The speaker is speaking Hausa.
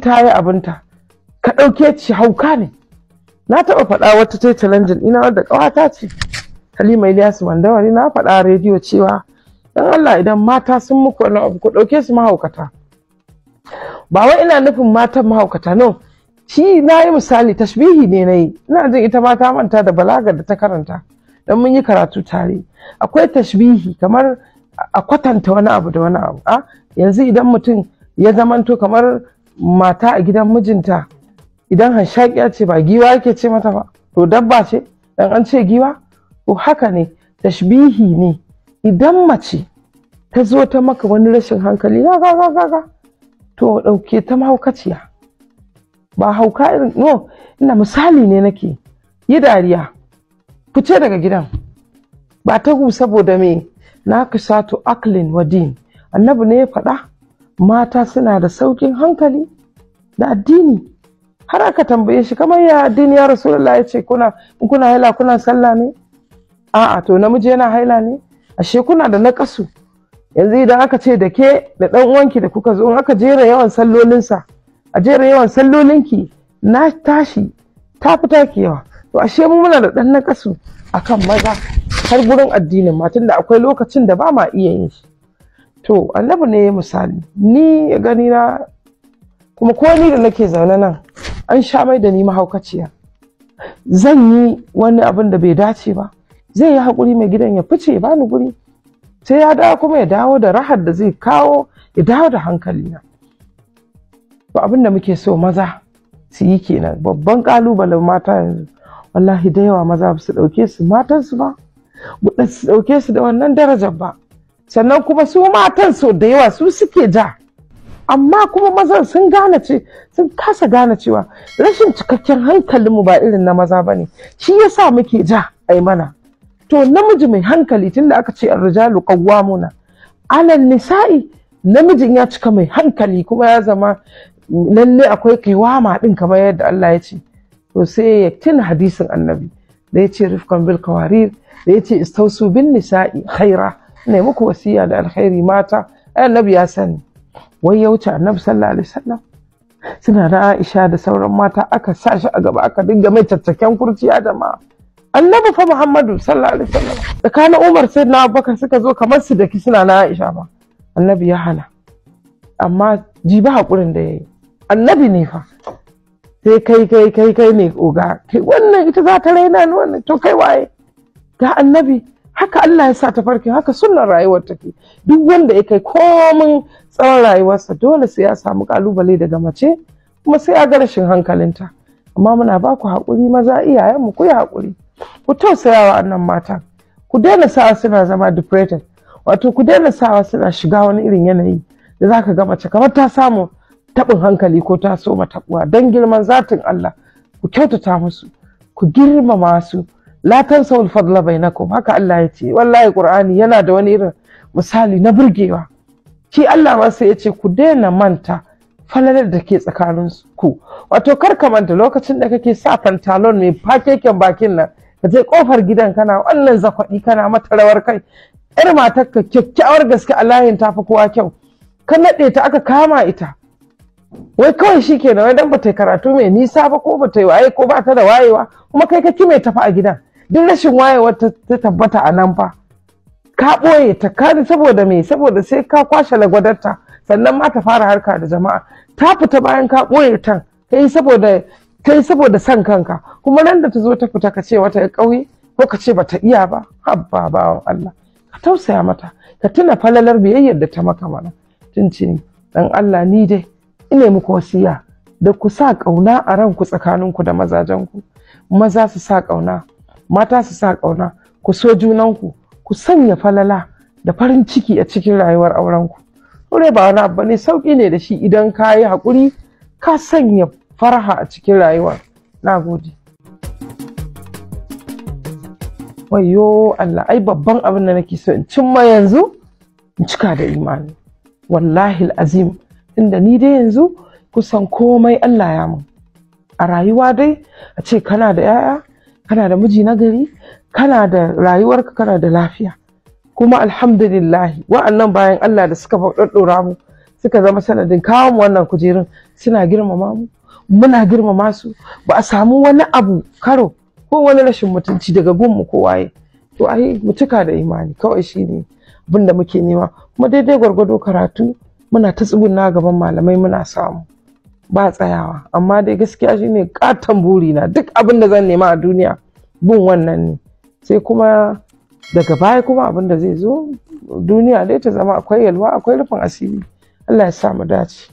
ta yi abinta ka ɗauke ci hauka ne na taɓa faɗa wata ta challenging ina wadda ƙawata ce halima ilyasu mandawari na faɗa a rediyo cewa dan allah idan mata sun muku wani abu ku ɗauke su mahaukata ba wai ina nufin matan mahaukata no shi na yi misali tashbihi ne na yi ina jin ita ma ta manta da balaga da ta karanta don mun yi karatu tare akwai tashbihi kamar a kwatanta wani abu da wani abu a yanzu idan mutum ya zamanto kamar mata a gidan mijinta idan hanshaƙiya ce ba giwa yake ce mata ba to dabba ce dan an ce giwa to haka ne tashbihi ne idan mace ta zo ta maka wani rashin hankali ga ga ga ga to ɗauke ta mahaukaciya ba hauka irin no ina misali ne nake yi dariya fice daga gidan ba ta saboda me na kasatu aklin wadin annabi ne ya faɗa mata suna da saukin hankali da addini har aka tambaye shi kamar ya addini ya rasulullah ya ce kuna kuna haila kuna sallah ne a'a to namiji yana haila ne ashe kuna da nakasu yanzu idan aka ce da ke da dan uwanki da kuka zo aka jera yawan sallolinsa a jera yawan sallolinki na tashi ta fita ki yawa to ashe mu muna da dan nakasu akan maza har gurin addinin matan da akwai lokacin da ba ma iya yin shi to annabi ne misali ni ya gani na kuma ko ni da nake zaune nan an sha mai da ni mahaukaciya zan yi wani abin da bai dace ba zai yi haƙuri mai gidan ya fice ba ni guri sai ya dawo kuma ya dawo da rahar da zai kawo ya dawo da hankali na to abin da muke so maza su yi kenan babban kalubalen mata yanzu wallahi da yawa maza su ɗauke su matansu ba su ɗauke su da wannan darajar ba sannan kuma su matan so da yawa su suke ja amma kuma mazan sun gane ce sun kasa gane cewa rashin cikakken hankalinmu ba irin na maza ba ne shi ya sa muke ja ai mana to namiji mai hankali tunda aka ce arrijalu muna alal nisa'i namijin ya cika mai hankali kuma ya zama lalle akwai kiwama din kamar yadda Allah ya ce to sai ya tuna hadisin annabi da ya ce rifkan bil kawarir da ya ce istausu bin nisa'i Haira. ne muku wasiya da alkhairi mata annabi ya sani wai ya wuce annabi sallallahu alaihi wasallam suna da Aisha da sauran mata aka sa shi a gaba aka dinga mai caccaken kurciya da ma annabi fa Muhammadu sallallahu alaihi wasallam tsakanin Umar sai na Abubakar suka zo kamar su da suna na Aisha ba annabi ya hana amma jibi hakurin da yayi annabi ne fa sai kai kai kai kai ne oga kai wannan ita za ta raina ni wannan to kai waye ga annabi haka Allah ya sa ta farke haka sunan rayuwar take duk wanda ya kai komin tsawon rayuwarsa dole sai ya samu kalubale daga mace kuma sai ya ga rashin hankalinta amma muna ba ku haƙuri maza iyayenmu ku yi haƙuri ku tausaya wa annan mata ku daina sawa suna zama depressed wato ku daina sawa suna shiga wani irin yanayi da zaka ga mace kamar ta samu taɓin hankali ko ta so kuwa don girman zatin Allah ku kyautata musu ku girmama su la tansawul fadla bainakum haka Allah ya ce wallahi Qur'ani yana da wani irin misali na burgewa shi Allah ma sai ya ce ku daina manta falalar da ke tsakanin ku wato kar ka manta lokacin da kake sa pantalon mai fakeken bakin nan ka je kofar gidan kana wannan zakwaɗi kana mata rawar kai yar matar ka kyakkyawar gaske a layin tafi kowa kyau ka naɗe ta aka kama ita wai kawai shi kenan wai dan ba ta karatu mai nisa ba ko ba ta yi waye ko ba ta da wayewa kuma kai ka kime tafi a gidan duk rashin wayewar ta tabbata a nan ba, ka ɓoye ta kani saboda me saboda sai ka kwashe lagwadarta sannan ma ta fara harka da jama'a ta fita bayan ka ɓoye ta kai saboda kai saboda son kanka kuma nan da ta zo ta fita ka ce wata ya ƙauye ko ka ce ba ta iya ba habba bawan Allah ka tausaya mata ka tuna falalar biyayyar da ta maka mana tun dan Allah ni dai ina muku wasiya da ku sa ƙauna a ranku tsakaninku da mazajenku maza su sa ƙauna mata su sa ƙauna ku so junanku ku sanya falala da farin ciki a cikin rayuwar aurenku aure ba wani abu ne sauƙi ne da shi idan ka yi haƙuri ka sanya farha a cikin rayuwa na gode wayo Allah ai babban abin da nake so in cimma yanzu in cika da imani wallahi azim inda ni dai yanzu kusan komai Allah ya mun a rayuwa dai a ce kana da 'ya'ya kana da miji na gari kana da rayuwarka kana da lafiya kuma alhamdulillahi wa'annan bayan Allah da suka faɗaɗɗora mu suka zama sanadin kawo mu wannan kujerun suna girmama mu muna girmama su ba a samu wani abu karo ko wani rashin mutunci daga gunmu ko waye to ai mutuka da imani kawai shine abin da muke nema kuma daidai gwargwado karatu muna ta tsuguna gaban malamai muna samu ba tsayawa amma dai gaskiya shine katon burina duk abin da zan nema a duniya bin wannan ne sai kuma daga baya kuma abin da zai zo duniya dai ta zama akwai yalwa akwai rufin asiri Allah ya sa mu dace